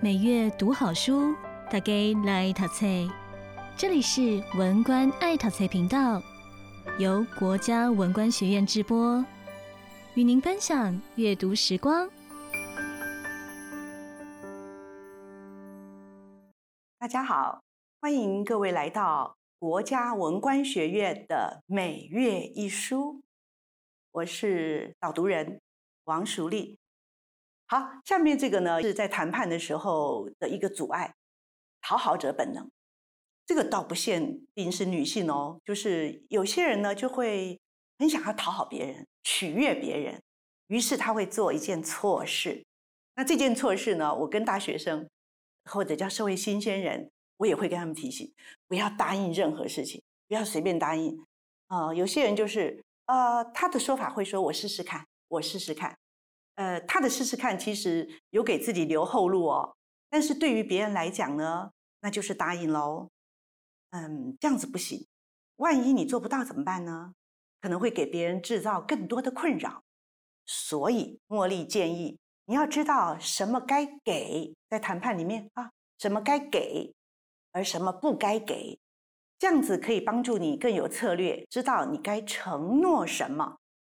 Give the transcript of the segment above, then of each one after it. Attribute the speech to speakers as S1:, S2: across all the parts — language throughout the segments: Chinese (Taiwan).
S1: 每月讀好書，大家來陶菜。這裡是文官愛陶菜頻道，由國家文官學院直播，與您分享閱讀時光。大家好，歡迎各位來到國家文官學院的每月一書，我是導讀人王淑利。好，下面這個呢是在談判的時候的一個阻礙，討好者本能。這個倒不限定是女性哦，就是有些人呢就會很想要討好別人，取悅別人，於是他會做一件錯事。那這件錯事呢，我跟大學生或者叫社會新鮮人，我也會跟他們提醒：不要答應任何事情，不要隨便答應。啊、呃，有些人就是啊、呃，他的說法會說：“我試試看，我試試看。”呃，他的試試看其實有給自己留後路哦，但是對於別人來講呢，那就是答應嘍。嗯，這樣子不行，萬一你做不到怎麼辦呢？可能會給別人製造更多的困擾。所以茉莉建議你要知道什麼該給，在談判裡面啊，什麼該給，而什麼不該給，這樣子可以幫助你更有策略，知道你該承諾什麼。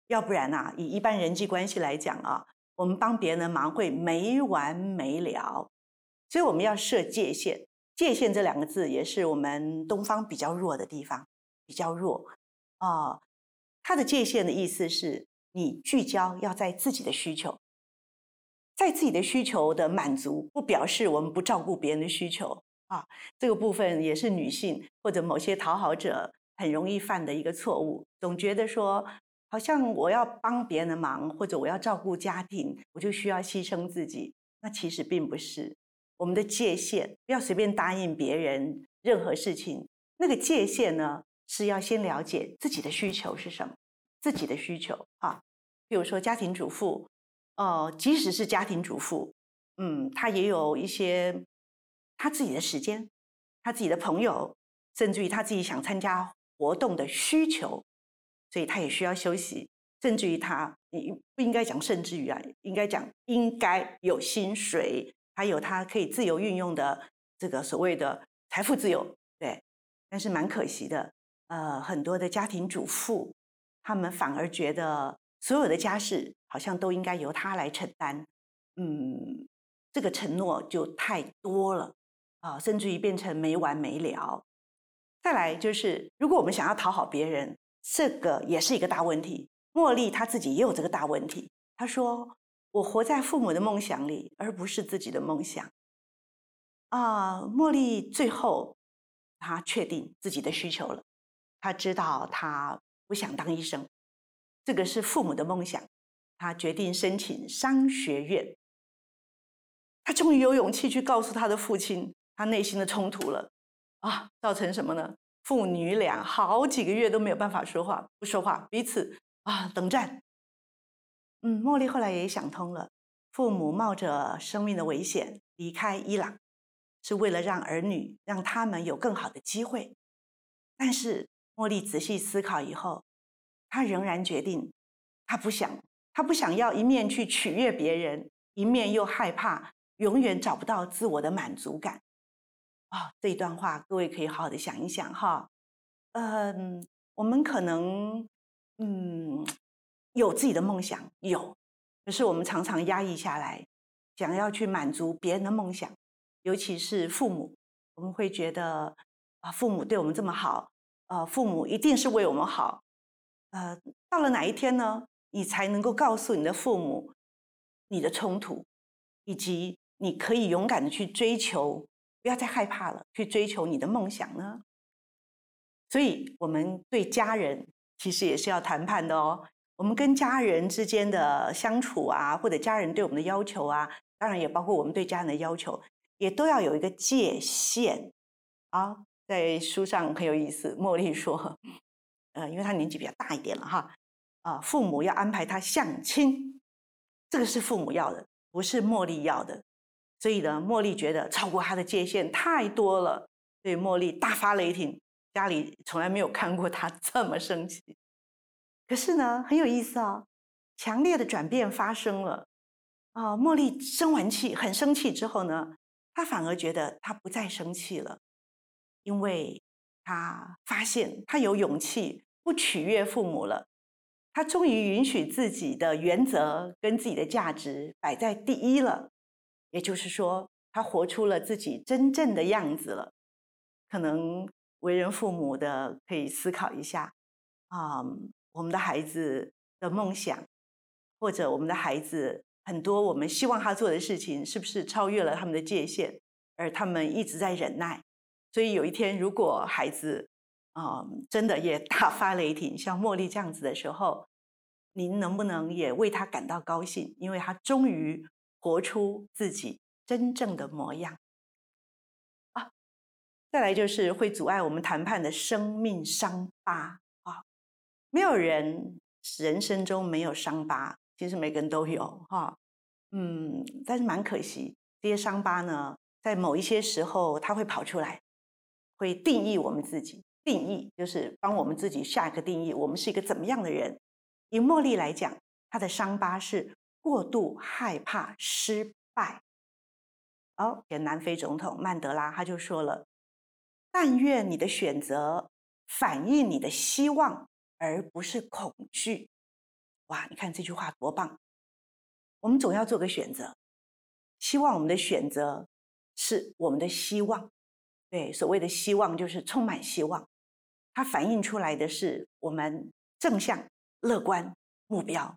S1: 要不然呢、啊，以一般人際關係來講啊，我們幫別人忙會沒完沒了，所以我們要設界限。界限這兩個字也是我們東方比較弱的地方，比較弱啊、哦。它的界限的意思是你聚焦要在自己的需求，在自己的需求的滿足，不表示我們不照顧別人的需求啊、哦。這個部分也是女性或者某些討好者很容易犯的一個錯誤，總覺得說。好像我要幫別人的忙，或者我要照顧家庭，我就需要犧牲自己。那其實並不是我們的界限，不要隨便答應別人任何事情。那個界限呢，是要先了解自己的需求是什麼，自己的需求啊。比如說家庭主婦，呃，即使是家庭主婦，嗯，他也有一些他自己的時間，他自己的朋友，甚至於他自己想參加活動的需求。所以他也需要休息，甚至於他，你不應該講甚至於啊，應該講應該有薪水，還有他可以自由運用的這個所謂的財富自由，對。但是蠻可惜的，呃，很多的家庭主婦，他們反而覺得所有的家事好像都應該由他來承擔，嗯，這個承諾就太多了啊，呃，甚至於變成沒完沒了。再來就是，如果我們想要討好別人。這個也是一個大問題。茉莉她自己也有這個大問題。她說：“我活在父母的夢想裡，而不是自己的夢想。”啊，茉莉最後她確定自己的需求了。她知道她不想當醫生，這個是父母的夢想。她決定申請商學院。她終於有勇氣去告訴她的父親，她內心的衝突了。啊，造成什麼呢？父女倆好幾個月都沒有辦法說話，不說話，彼此啊冷戰。嗯，茉莉後來也想通了，父母冒着生命的危險離開伊朗，是為了讓兒女，讓他們有更好的機會。但是茉莉仔細思考以後，她仍然決定，她不想，她不想要一面去取悅別人，一面又害怕永遠找不到自我的滿足感。啊、哦，這一段話，各位可以好好的想一想哈。嗯，我們可能嗯有自己的夢想，有，可是我們常常壓抑下來，想要去滿足別人的夢想，尤其是父母，我們會覺得啊，父母對我們這麼好，呃、啊，父母一定是為我們好。呃、啊，到了哪一天呢？你才能夠告訴你的父母你的衝突，以及你可以勇敢地去追求。不要再害怕了，去追求你的夢想呢。所以，我們對家人其實也是要談判的哦。我們跟家人之間的相處啊，或者家人對我們的要求啊，當然也包括我們對家人的要求，也都要有一個界限。啊，在書上很有意思，茉莉說，呃，因為她年紀比較大一點了哈，啊，父母要安排她相親，這個是父母要的，不是茉莉要的。所以呢，茉莉覺得超過她的界限太多了，對茉莉大發雷霆。家裡從來沒有看過她這麼生氣。可是呢，很有意思啊、哦，強烈的轉變發生了啊！呃，茉莉生完氣，很生氣之後呢，她反而覺得她不再生氣了，因為她發現她有勇氣不取悅父母了。她終於允許自己的原則跟自己的價值擺在第一了。也就是說，他活出了自己真正的樣子了。可能為人父母的可以思考一下：啊、嗯，我們的孩子的夢想，或者我們的孩子很多，我們希望他做的事情，是不是超越了他們的界限，而他們一直在忍耐？所以有一天，如果孩子啊、嗯、真的也大發雷霆，像茉莉這樣子的時候，您能不能也為他感到高興？因為他終於。活出自己真正的模樣。啊，再來就是會阻礙我們談判的生命傷疤啊！沒有人人生中沒有傷疤，其實每個人都有哈、啊，嗯，但是蠻可惜，這些傷疤呢，在某一些時候，它會跑出來，會定義我們自己，定義就是幫我們自己下一個定義，我們是一個怎麼樣的人。以茉莉來講，她的傷疤是。過度害怕失敗。哦，南非總統曼德拉他就說了：“但願你的選擇反映你的希望，而不是恐懼。”哇，你看這句話多棒！我們總要做個選擇，希望我們的選擇是我們的希望。對，所謂的希望就是充滿希望，它反映出來的是我們正向、樂觀目標。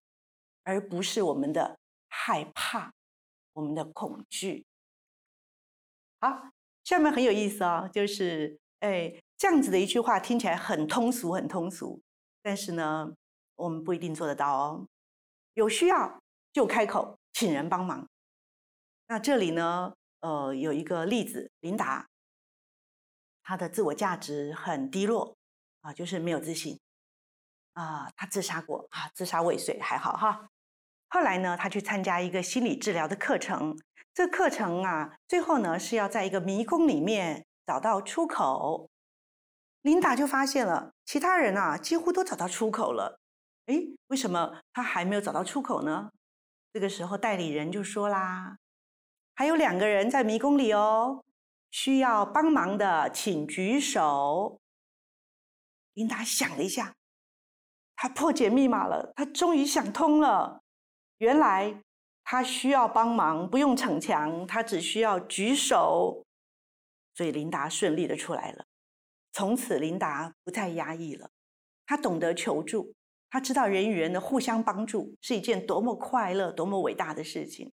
S1: 而不是我們的害怕，我們的恐懼。好，下面很有意思哦，就是哎、欸、這樣子的一句話聽起來很通俗，很通俗，但是呢，我們不一定做得到哦。有需要就開口，請人幫忙。那這裡呢，呃，有一個例子，琳達，她的自我價值很低落啊，就是沒有自信。啊，他自殺過啊，自殺未遂還好哈。後來呢，他去參加一個心理治療的課程。這個課程啊，最後呢是要在一個迷宮裡面找到出口。琳達就發現了，其他人啊幾乎都找到出口了。誒，為什麼他還沒有找到出口呢？這個時候代理人就說啦：“還有兩個人在迷宮裡哦，需要幫忙的請舉手。”琳達想了一下。他破解密碼了，他終於想通了，原來他需要幫忙，不用逞強，他只需要舉手，所以琳達順利的出來了。從此，琳達不再壓抑了，她懂得求助，她知道人與人的互相幫助是一件多麼快樂、多麼偉大的事情。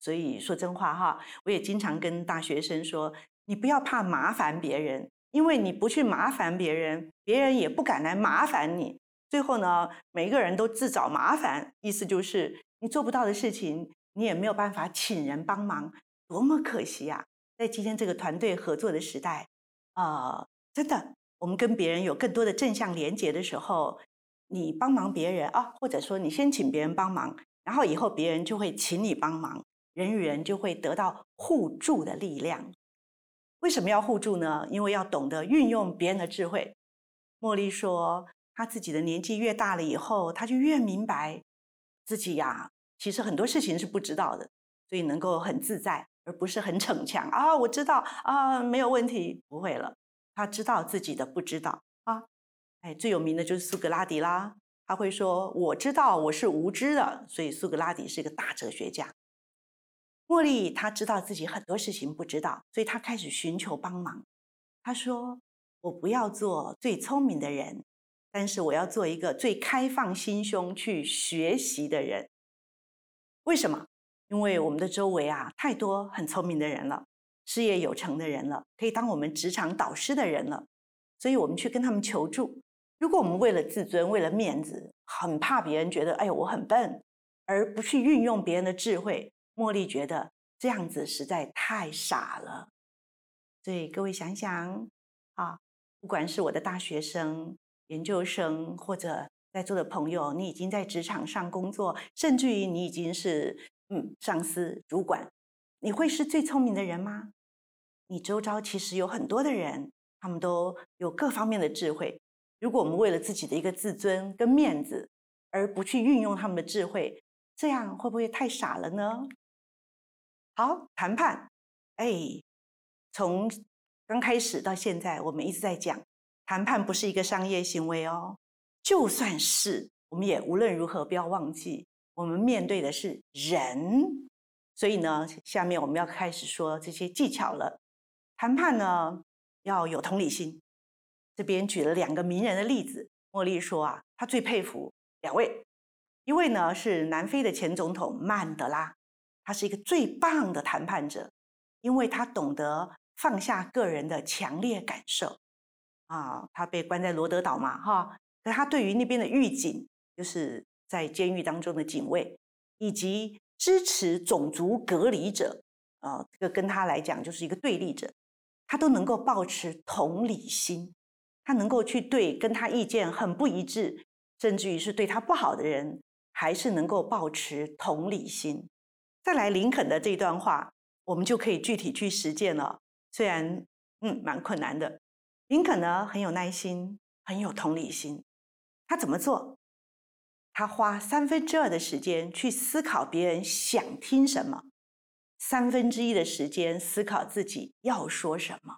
S1: 所以說真話哈，我也經常跟大學生說，你不要怕麻煩別人，因為你不去麻煩別人，別人也不敢來麻煩你。最後呢，每一個人都自找麻煩，意思就是你做不到的事情，你也沒有辦法請人幫忙，多麼可惜呀，啊！在今天這個團隊合作的時代，啊、呃，真的，我們跟別人有更多的正向連結的時候，你幫忙別人啊，或者說你先請別人幫忙，然後以後別人就會請你幫忙，人與人就會得到互助的力量。為什麼要互助呢？因為要懂得運用別人的智慧。茉莉說。他自己的年紀越大了以後，他就越明白自己呀，其實很多事情是不知道的，所以能夠很自在，而不是很逞強啊。我知道啊，沒有問題，不會了。他知道自己的不知道啊，哎，最有名的就是蘇格拉底啦。他會說：“我知道我是無知的。”所以蘇格拉底是一個大哲學家。茉莉他知道自己很多事情不知道，所以他開始尋求幫忙。他說：“我不要做最聰明的人。”但是我要做一個最開放心胸去學習的人。為什麼？因為我們的周圍啊，太多很聰明的人了，事業有成的人了，可以當我們職場導師的人了。所以我們去跟他們求助。如果我們為了自尊，為了面子，很怕別人覺得哎呦，我很笨，而不去運用別人的智慧，茉莉覺得這樣子實在太傻了。所以各位想想啊，不管是我的大學生。研究生或者在座的朋友，你已經在職場上工作，甚至於你已經是嗯上司、主管，你會是最聰明的人嗎？你周遭其實有很多的人，他們都有各方面的智慧。如果我們為了自己的一個自尊跟面子，而不去運用他們的智慧，這樣會不會太傻了呢？好，談判，哎，從剛開始到現在，我們一直在講，談判不是一個商業行為哦，就算是我們也無論如何不要忘記，我們面對的是人，所以呢，下面我們要開始說這些技巧了。談判呢要有同理心，這邊舉了兩個名人的例子。莫莉說啊，她最佩服兩位，一位呢是南非的前總統曼德拉，他是一個最棒的談判者，因為他懂得放下個人的強烈感受。啊，他被關在羅德島嘛，哈、啊。可他對於那邊的獄警，就是在監獄當中的警衛，以及支持種族隔離者，啊，這個、跟他來講就是一個對立者，他都能夠保持同理心，他能夠去對跟他意見很不一致，甚至於是對他不好的人，還是能夠保持同理心。再來，林肯的這段話，我們就可以具體去實踐了。雖然，嗯，蠻困難的。林肯呢很有耐心，很有同理心。他怎麼做？他花三分之二的時間去思考別人想聽什麼，三分之一的時間思考自己要說什麼。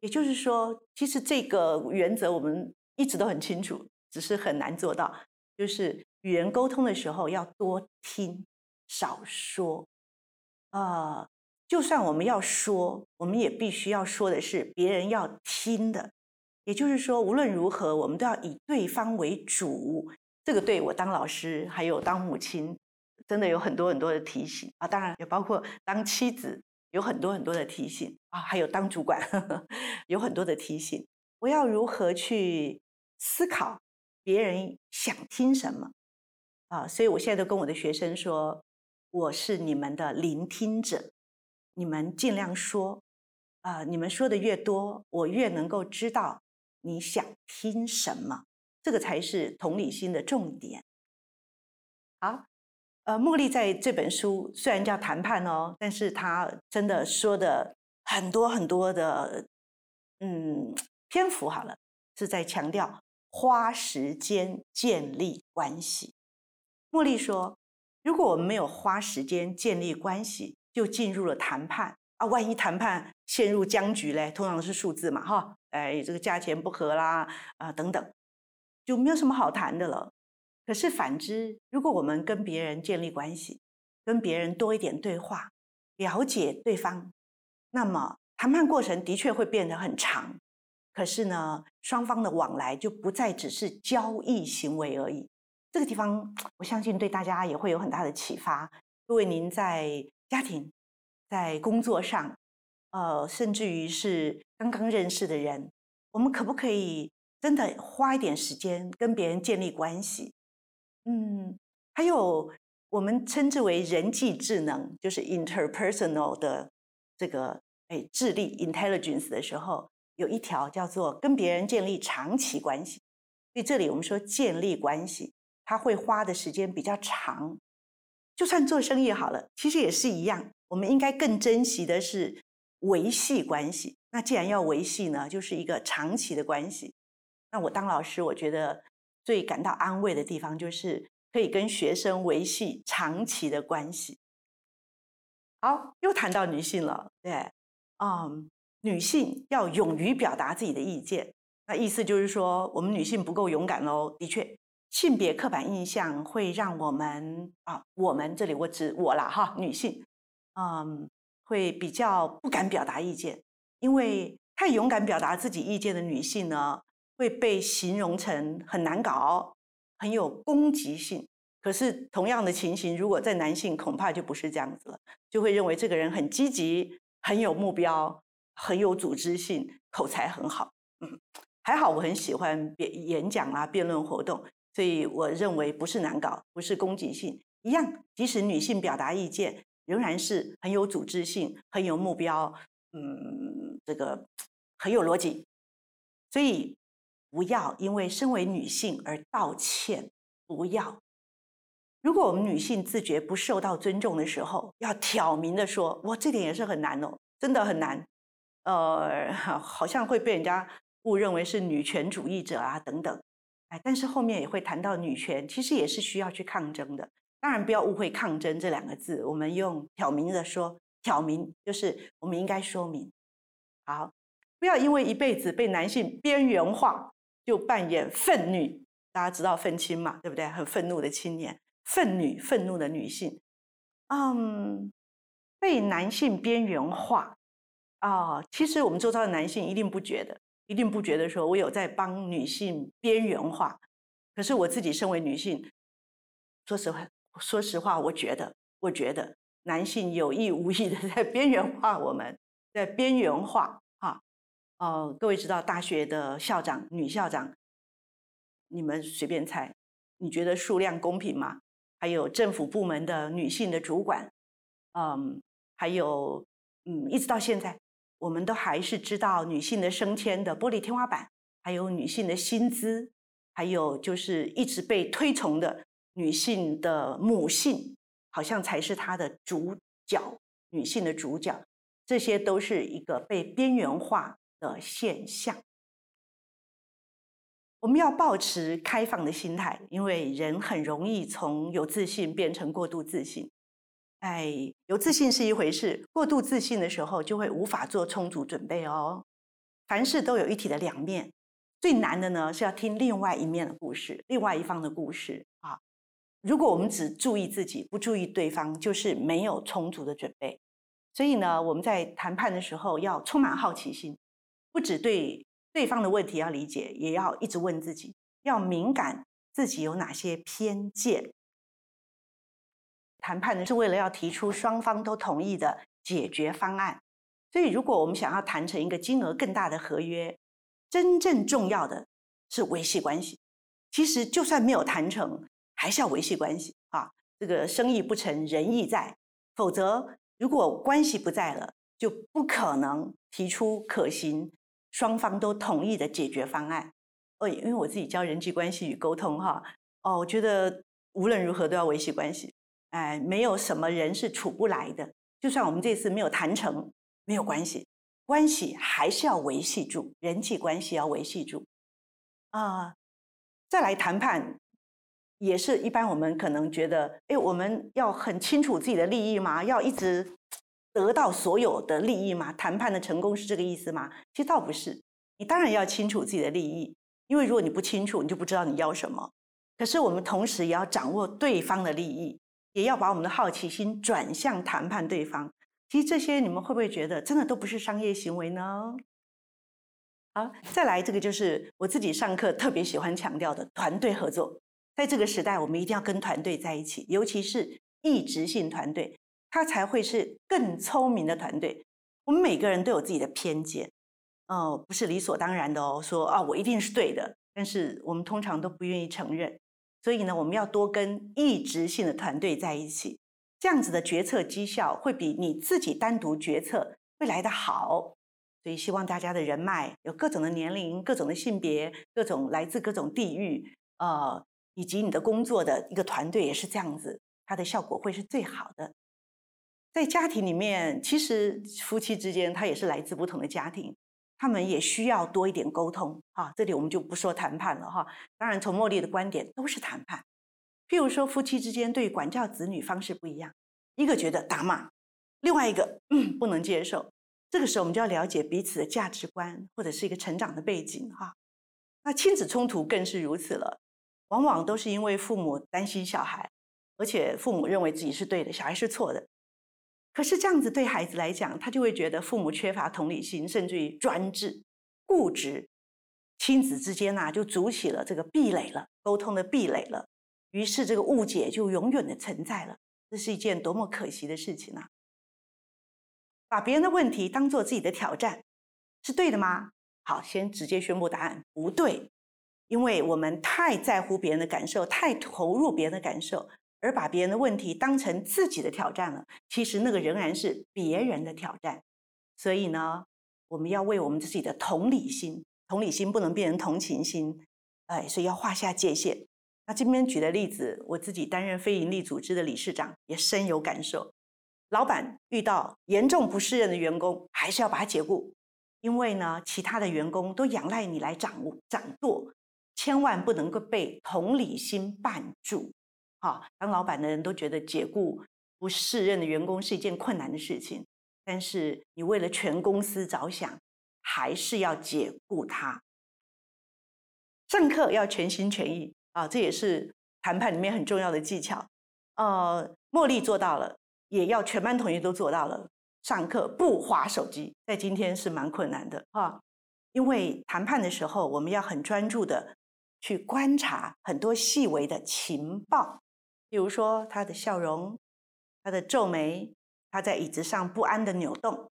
S1: 也就是說，其實這個原則我們一直都很清楚，只是很難做到。就是與人溝通的時候，要多聽少說啊。呃就算我們要說，我們也必須要說的是別人要聽的，也就是說，無論如何，我們都要以對方為主。這個對我當老師，還有當母親，真的有很多很多的提醒啊！當然也包括當妻子，有很多很多的提醒啊，還有當主管呵呵，有很多的提醒。我要如何去思考別人想聽什麼啊？所以我現在都跟我的學生說，我是你們的聆聽者。你們儘量說，啊、呃，你們說的越多，我越能夠知道你想聽什麼。這個才是同理心的重點。好，呃，茉莉在這本書雖然叫談判哦，但是她真的說的很多很多的，嗯，篇幅好了，是在強調花時間建立關係。茉莉說，如果我們沒有花時間建立關係，就進入了談判啊！萬一談判陷入僵局嘞，通常是數字嘛，哈，哎，這個價錢不合啦，啊、呃，等等，就沒有什麼好談的了。可是反之，如果我們跟別人建立關係，跟別人多一點對話，了解對方，那麼談判過程的確會變得很長。可是呢，雙方的往來就不再只是交易行為而已。這個地方，我相信對大家也會有很大的啟發。各位，您在。家庭，在工作上，呃，甚至於是剛剛認識的人，我們可不可以真的花一點時間跟別人建立關係？嗯，還有我們稱之為人際智能，就是 interpersonal 的這個哎智力 intelligence 的時候，有一條叫做跟別人建立長期關係。所以這裡我們說建立關係，它會花的時間比較長。就算做生意好了，其實也是一樣。我們應該更珍惜的是維繫關係。那既然要維繫呢，就是一個長期的關係。那我當老師，我覺得最感到安慰的地方就是可以跟學生維繫長期的關係。好，又談到女性了，對，嗯，女性要勇於表達自己的意見。那意思就是說，我們女性不夠勇敢嘍，的確。性別刻板印象會讓我們啊，我們這裡我指我啦。哈，女性，嗯，會比較不敢表達意見，因為太勇敢表達自己意見的女性呢，會被形容成很難搞，很有攻擊性。可是同樣的情形，如果在男性，恐怕就不是這樣子了，就會認為這個人很積極，很有目標，很有組織性，口才很好。嗯，還好，我很喜歡辯演講啊，辯論活動。所以我認為不是難搞，不是攻擊性一樣。即使女性表達意見，仍然是很有組織性、很有目標，嗯，這個很有邏輯。所以不要因為身為女性而道歉。不要。如果我們女性自覺不受到尊重的時候，要挑明的說：“哇，這點也是很難哦，真的很難。”呃，好像會被人家誤認為是女權主義者啊，等等。但是後面也會談到女權，其實也是需要去抗爭的。當然，不要誤會“抗爭”這兩個字，我們用挑明的說，挑明就是我們應該說明。好，不要因為一輩子被男性邊緣化，就扮演憤女。大家知道憤青嘛？對不對？很憤怒的青年，憤女，憤怒的女性。嗯，被男性邊緣化啊，哦，其實我們周遭的男性一定不覺得。一定不覺得說我有在幫女性邊緣化，可是我自己身為女性，說實話，說實話，我覺得，我覺得男性有意無意的在邊緣化我們，在邊緣化哈、啊，呃，各位知道大學的校長、女校長，你們隨便猜，你覺得數量公平嗎？還有政府部門的女性的主管，嗯，還有，嗯，一直到現在。我們都還是知道女性的升遷的玻璃天花板，還有女性的薪資，還有就是一直被推崇的女性的母性，好像才是她的主角，女性的主角，這些都是一個被邊緣化的現象。我們要保持開放的心態，因為人很容易從有自信變成過度自信。哎，有自信是一回事，過度自信的時候就會無法做充足準備哦。凡事都有一體的兩面，最難的呢是要聽另外一面的故事，另外一方的故事啊。如果我們只注意自己，不注意對方，就是沒有充足的準備。所以呢，我們在談判的時候要充滿好奇心，不只對對方的問題要理解，也要一直問自己，要敏感自己有哪些偏見。談判呢，是為了要提出雙方都同意的解決方案，所以如果我們想要談成一個金額更大的合約，真正重要的是維繫關係。其實就算沒有談成，還是要維繫關係啊。這個生意不成仁義在，否則如果關係不在了，就不可能提出可行雙方都同意的解決方案。哦，因為我自己教人際關係與溝通哈，哦，我覺得無論如何都要維繫關係。哎，沒有什麼人是處不來的。就算我們這次沒有談成，沒有關係，關係還是要維繫住，人際關係要維繫住。啊、呃，再來談判，也是一般我們可能覺得，哎，我們要很清楚自己的利益嗎？要一直得到所有的利益嗎？談判的成功是這個意思嗎？其實倒不是。你當然要清楚自己的利益，因為如果你不清楚，你就不知道你要什麼。可是我們同時也要掌握對方的利益。也要把我們的好奇心轉向談判對方。其實這些你們會不會覺得真的都不是商業行為呢？好，再來這個就是我自己上課特別喜歡強調的團隊合作。在這個時代，我們一定要跟團隊在一起，尤其是異質性團隊，他才會是更聰明的團隊。我們每個人都有自己的偏見，哦，不是理所當然的哦，說啊、哦、我一定是對的，但是我們通常都不願意承認。所以呢，我們要多跟異質性的團隊在一起，這樣子的決策績效會比你自己單獨決策會來得好。所以希望大家的人脈有各種的年齡、各種的性別、各種來自各種地域，呃，以及你的工作的一個團隊也是這樣子，它的效果會是最好的。在家庭裡面，其實夫妻之間他也是來自不同的家庭。他們也需要多一點溝通啊！這裡我們就不說談判了哈、啊。當然，從茉莉的觀點都是談判。譬如說，夫妻之間對管教子女方式不一樣，一個覺得打罵，另外一個、嗯、不能接受。這個時候，我們就要了解彼此的價值觀或者是一個成長的背景哈、啊。那親子衝突更是如此了，往往都是因為父母擔心小孩，而且父母認為自己是對的，小孩是錯的。可是這樣子對孩子來講，他就會覺得父母缺乏同理心，甚至於專制、固執，親子之間吶、啊、就築起了這個壁壘了，溝通的壁壘了。於是這個誤解就永遠的存在了，這是一件多麼可惜的事情啊！把別人的問題當做自己的挑戰，是對的嗎？好，先直接宣布答案，不對，因為我們太在乎別人的感受，太投入別人的感受。而把別人的問題當成自己的挑戰了，其實那個仍然是別人的挑戰。所以呢，我們要為我們自己的同理心，同理心不能變成同情心，哎，所以要劃下界限。那這邊舉的例子，我自己擔任非營利組織的理事長也深有感受。老板遇到嚴重不適任的員工，還是要把他解雇，因為呢，其他的員工都仰賴你來掌握掌舵，千萬不能夠被同理心絆住。哈，當老闆的人都覺得解雇不適任的員工是一件困難的事情，但是你為了全公司着想，還是要解雇他。上課要全心全意啊，這也是談判裡面很重要的技巧。呃，茉莉做到了，也要全班同學都做到了。上課不滑手機，在今天是蠻困難的哈、啊，因為談判的時候我們要很專注的去觀察很多細微的情報。比如說，他的笑容，他的皺眉，他在椅子上不安的扭動，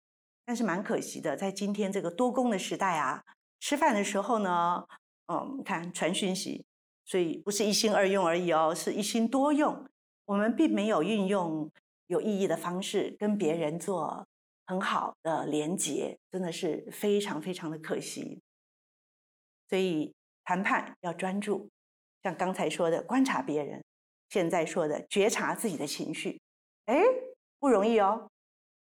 S1: 但是蠻可惜的，在今天這個多工的時代啊，吃飯的時候呢，嗯、哦，你看傳訊息，所以不是一心二用而已哦，是一心多用。我們並沒有運用有意義的方式跟別人做很好的連接，真的是非常非常的可惜。所以談判要專注，像剛才說的，觀察別人。現在說的覺察自己的情緒，哎，不容易哦。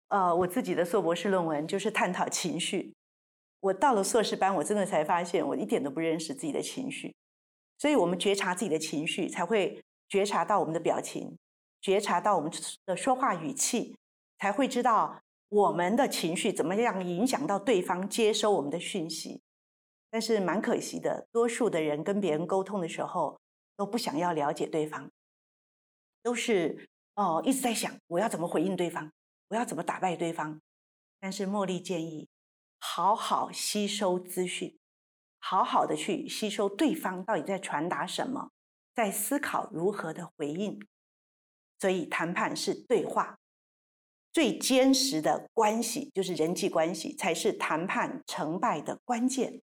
S1: 呃，我自己的碩博士論文就是探討情緒。我到了碩士班，我真的才發現我一點都不認識自己的情緒。所以，我們覺察自己的情緒，才會覺察到我們的表情，覺察到我們的說話語氣，才會知道我們的情緒怎麼樣影響到對方接收我們的訊息。但是，蠻可惜的，多數的人跟別人溝通的時候，都不想要了解對方。都是哦，一直在想我要怎麼回應對方，我要怎麼打敗對方。但是茉莉建議，好好吸收資訊，好好的去吸收對方到底在傳達什麼，在思考如何的回應。所以談判是對話，最堅實的關係就是人際關係，才是談判成敗的關鍵。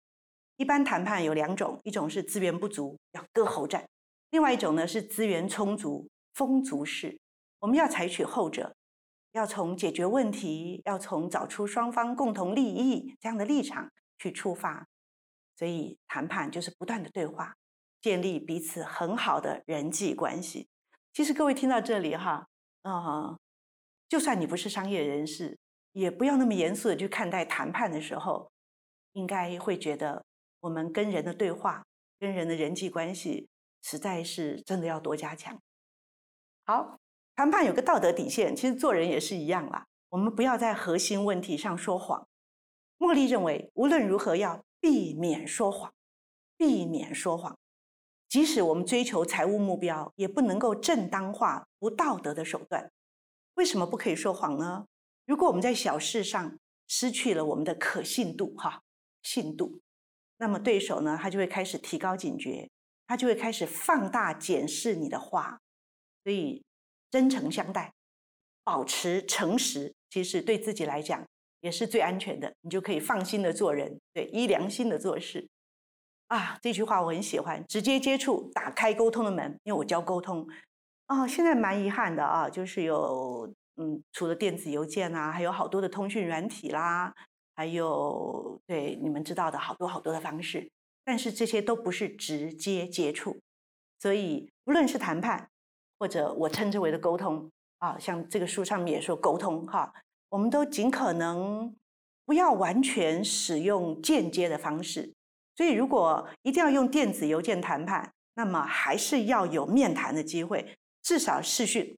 S1: 一般談判有兩種，一種是資源不足，要割喉戰，另外一種呢，是資源充足。風足式，我們要採取後者，要從解決問題，要從找出雙方共同利益這樣的立場去出發。所以談判就是不斷的對話，建立彼此很好的人際關係。其實各位聽到這裡哈，嗯，就算你不是商業人士，也不要那麼嚴肅的去看待談判的時候，應該會覺得我們跟人的對話，跟人的人際關係，實在是真的要多加強。好，談判有個道德底線，其實做人也是一樣啦。我們不要在核心問題上說謊。茉莉認為，無論如何要避免說謊，避免說謊。即使我們追求財務目標，也不能夠正當化不道德的手段。為什麼不可以說謊呢？如果我們在小事上失去了我們的可信度，哈，信度，那麼對手呢，他就會開始提高警覺，他就會開始放大檢視你的話。所以，真誠相待，保持誠實，其實對自己來講也是最安全的。你就可以放心的做人，對，依良心的做事。啊，這句話我很喜歡。直接接觸，打開溝通的門，因為我教溝通啊，哦。現在蠻遺憾的啊，就是有嗯，除了電子郵件啊，還有好多的通訊軟體啦，還有，對，你們知道的好多好多的方式。但是這些都不是直接接觸，所以無論是談判。或者我稱之為的溝通啊，像這個書上面也說溝通哈、啊，我們都盡可能不要完全使用間接的方式。所以，如果一定要用電子郵件談判，那麼還是要有面談的機會，至少視訊。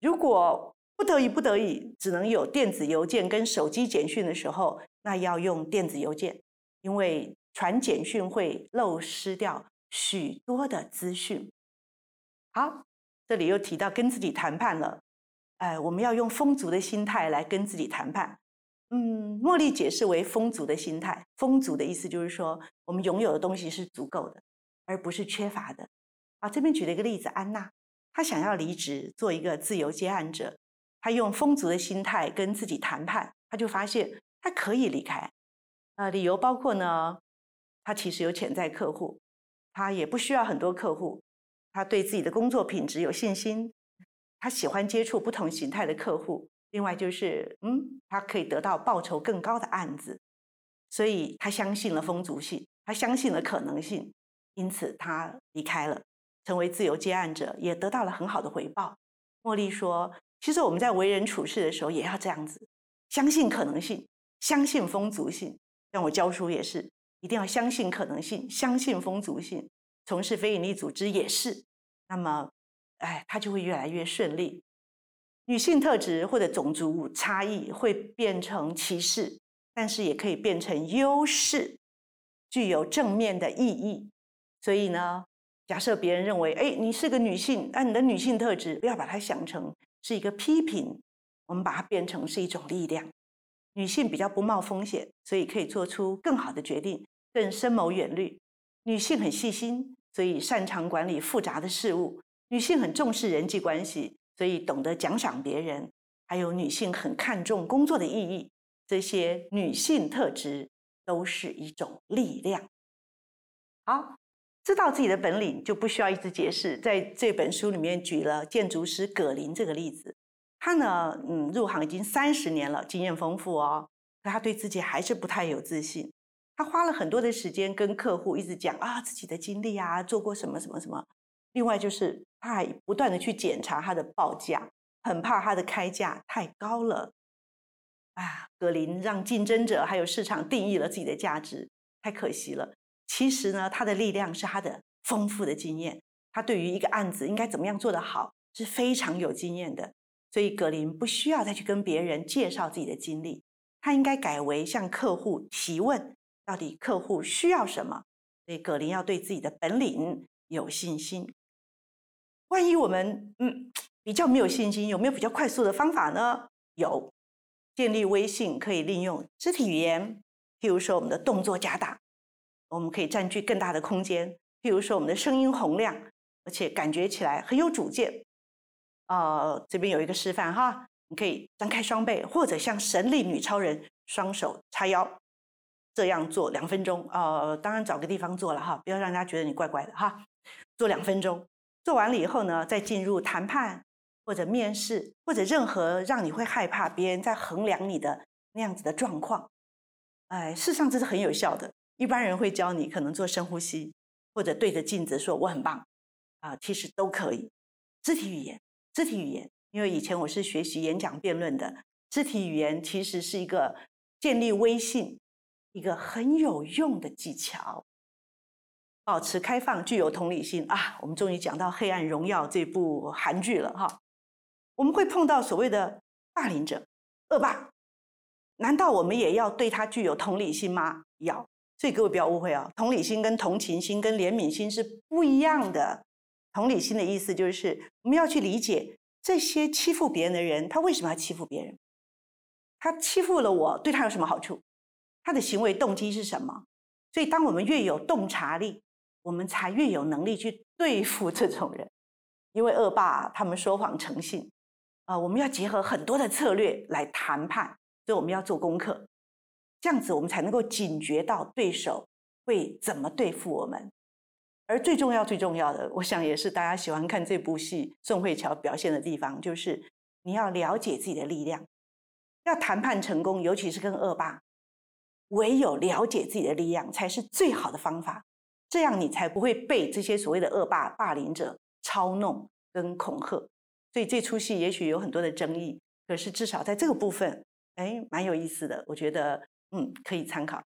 S1: 如果不得已、不得已只能有電子郵件跟手機簡訊的時候，那要用電子郵件，因為傳簡訊會漏失掉許多的資訊。好。這裡又提到跟自己談判了，哎、呃，我們要用豐足的心態來跟自己談判。嗯，茉莉解釋為豐足的心態，豐足的意思就是說我們擁有的東西是足夠的，而不是缺乏的。啊，這邊舉了一個例子，安娜她想要離職做一個自由接案者，她用豐足的心態跟自己談判，她就發現她可以離開。啊、呃，理由包括呢，她其實有潛在客戶，她也不需要很多客戶。他對自己的工作品質有信心，他喜歡接觸不同形態的客戶。另外就是，嗯，他可以得到報酬更高的案子，所以他相信了豐足性，他相信了可能性，因此他離開了，成為自由接案者，也得到了很好的回報。茉莉說：“其實我們在為人處事的時候也要這樣子，相信可能性，相信豐足性。像我教書也是，一定要相信可能性，相信豐足性。”從事非盈利組織也是，那麼，哎，他就會越來越順利。女性特質或者種族差異會變成歧視，但是也可以變成優勢，具有正面的意義。所以呢，假設別人認為，哎，你是個女性，那、啊、你的女性特質不要把它想成是一個批評，我們把它變成是一種力量。女性比較不冒風險，所以可以做出更好的決定，更深謀遠慮。女性很細心。所以擅長管理複雜的事物，女性很重視人際關係，所以懂得獎賞別人。還有女性很看重工作的意義，這些女性特質都是一種力量。好，知道自己的本領就不需要一直解釋。在這本書裡面舉了建築師葛林這個例子，他呢，嗯，入行已經三十年了，經驗豐富哦，可他對自己還是不太有自信。他花了很多的時間跟客戶一直講啊自己的經歷啊做過什麼什麼什麼，另外就是他還不斷的去檢查他的報價，很怕他的開價太高了，啊，格林讓競爭者還有市場定義了自己的價值，太可惜了。其實呢，他的力量是他的豐富的經驗，他對於一個案子應該怎麼樣做得好是非常有經驗的，所以格林不需要再去跟別人介紹自己的經歷，他應該改為向客戶提問。到底客戶需要什麼？所以葛林要對自己的本領有信心。萬一我們嗯比較沒有信心，有沒有比較快速的方法呢？有，建立微信可以利用肢體語言，譬如說我們的動作加大，我們可以佔據更大的空間，譬如說我們的聲音洪亮，而且感覺起來很有主見。啊、呃，這邊有一個示範哈，你可以張開雙臂，或者像神力女超人，雙手叉腰。這樣做兩分鐘，呃，當然找個地方做了哈，不要讓人家覺得你怪怪的哈。做兩分鐘，做完了以後呢，再進入談判或者面試或者任何讓你會害怕別人在衡量你的那樣子的狀況，哎，事實上這是很有效的。一般人會教你可能做深呼吸，或者對着鏡子說我很棒啊，呃，其實都可以。肢體語言，肢體語言，因為以前我是學習演講辯論的，肢體語言其實是一個建立威信。一個很有用的技巧，保持開放，具有同理心啊！我們終於講到《黑暗榮耀》這部韓劇了哈。我們會碰到所謂的霸凌者、惡霸，難道我們也要對他具有同理心嗎？要。所以各位不要誤會哦，同理心跟同情心跟憐憫心是不一樣的。同理心的意思就是我們要去理解這些欺負別人的人，他為什麼要欺負別人？他欺負了我，對他有什麼好處？他的行為動機是什麼？所以，當我們越有洞察力，我們才越有能力去對付這種人。因為惡霸他們說謊成性，啊、呃，我們要結合很多的策略來談判，所以我們要做功課。這樣子，我們才能夠警覺到對手會怎麼對付我們。而最重要、最重要的，我想也是大家喜歡看這部戲宋慧喬表現的地方，就是你要了解自己的力量，要談判成功，尤其是跟惡霸。唯有了解自己的力量才是最好的方法，這樣你才不會被這些所謂的惡霸、霸凌者操弄跟恐嚇。所以這齣戲也許有很多的爭議，可是至少在這個部分，哎，蠻有意思的。我覺得，嗯，可以參考。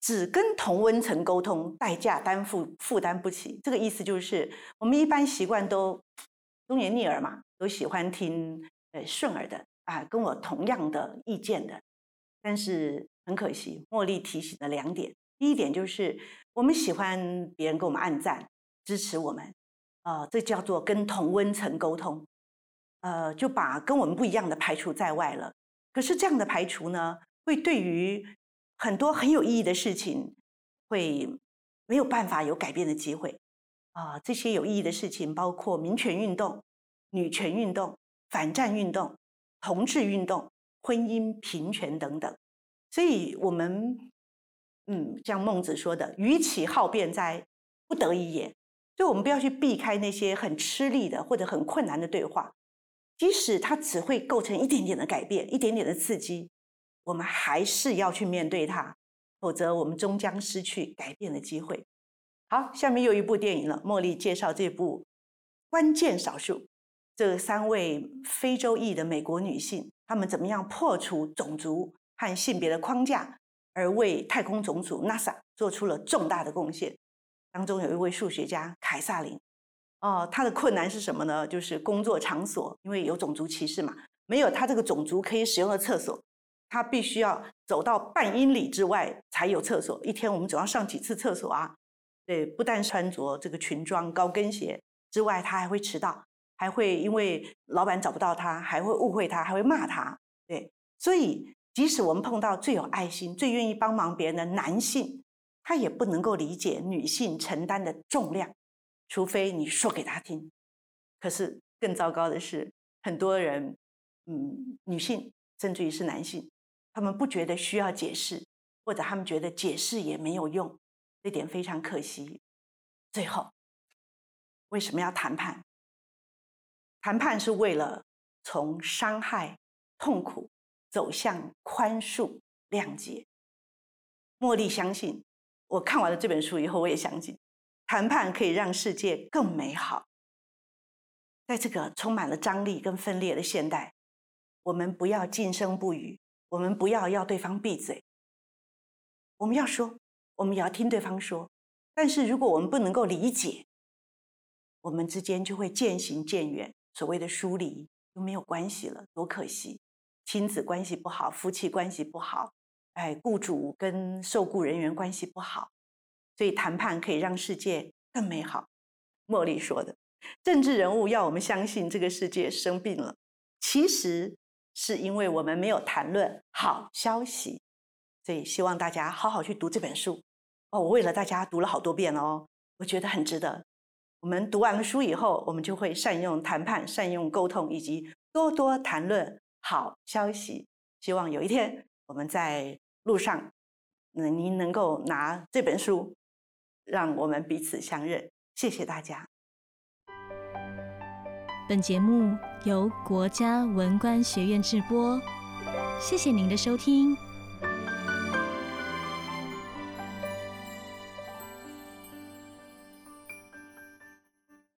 S1: 只跟同溫層溝通，代價擔負負擔不起。這個意思就是，我們一般習慣都忠言逆耳嘛，都喜歡聽呃順耳的啊，跟我同樣的意見的，但是。很可惜，茉莉提醒了兩點。第一點就是，我們喜歡別人給我們按讚、支持我們，啊、呃，這叫做跟同溫層溝通，呃，就把跟我們不一樣的排除在外了。可是這樣的排除呢，會對於很多很有意義的事情，會沒有辦法有改變的機會，啊、呃，這些有意義的事情包括民權運動、女權運動、反戰運動、同志運動、婚姻平權等等。所以，我們，嗯，像孟子說的，“予豈好辯哉，不得已也。”所以，我們不要去避開那些很吃力的或者很困難的對話，即使它只會構成一點點的改變、一點點的刺激，我們還是要去面對它，否則我們終將失去改變的機會。好，下面又一部電影了。茉莉介紹這部《關鍵少數》，這三位非洲裔的美國女性，她們怎麼樣破除種族按性別的框架，而為太空總署 NASA 做出了重大的貢獻。當中有一位數學家凱薩琳，呃，他的困難是什麼呢？就是工作場所，因為有種族歧視嘛，沒有他這個種族可以使用的廁所，他必須要走到半英里之外才有廁所。一天我們總要上幾次廁所啊？對，不但穿着這個裙裝高跟鞋之外，他還會遲到，還會因為老闆找不到他，還會誤會他，還會罵他。對，所以。即使我們碰到最有愛心、最願意幫忙別人的男性，他也不能夠理解女性承擔的重量，除非你說給他聽。可是更糟糕的是，很多人，嗯，女性，甚至於是男性，他們不覺得需要解釋，或者他們覺得解釋也沒有用，這點非常可惜。最後，為什麼要談判？談判是為了從傷害、痛苦。走向寬恕、諒解。茉莉相信，我看完了這本書以後，我也相信談判可以讓世界更美好。在這個充滿了張力跟分裂的現代，我們不要噤聲不語，我們不要要對方閉嘴，我們要說，我們也要聽對方說。但是如果我們不能夠理解，我們之間就會漸行漸遠，所謂的疏離都沒有關係了，多可惜。親子關係不好，夫妻關係不好，哎，雇主跟受雇人員關係不好，所以談判可以讓世界更美好。茉莉說的，政治人物要我們相信這個世界生病了，其實是因為我們沒有談論好消息。所以希望大家好好去讀這本書。哦，我為了大家讀了好多遍哦，我覺得很值得。我們讀完了書以後，我們就會善用談判，善用溝通，以及多多談論好消息！希望有一天我們在路上，您能夠拿這本書，讓我們彼此相認。謝謝大家。本節目由國家文官學院制播，謝謝您的收聽。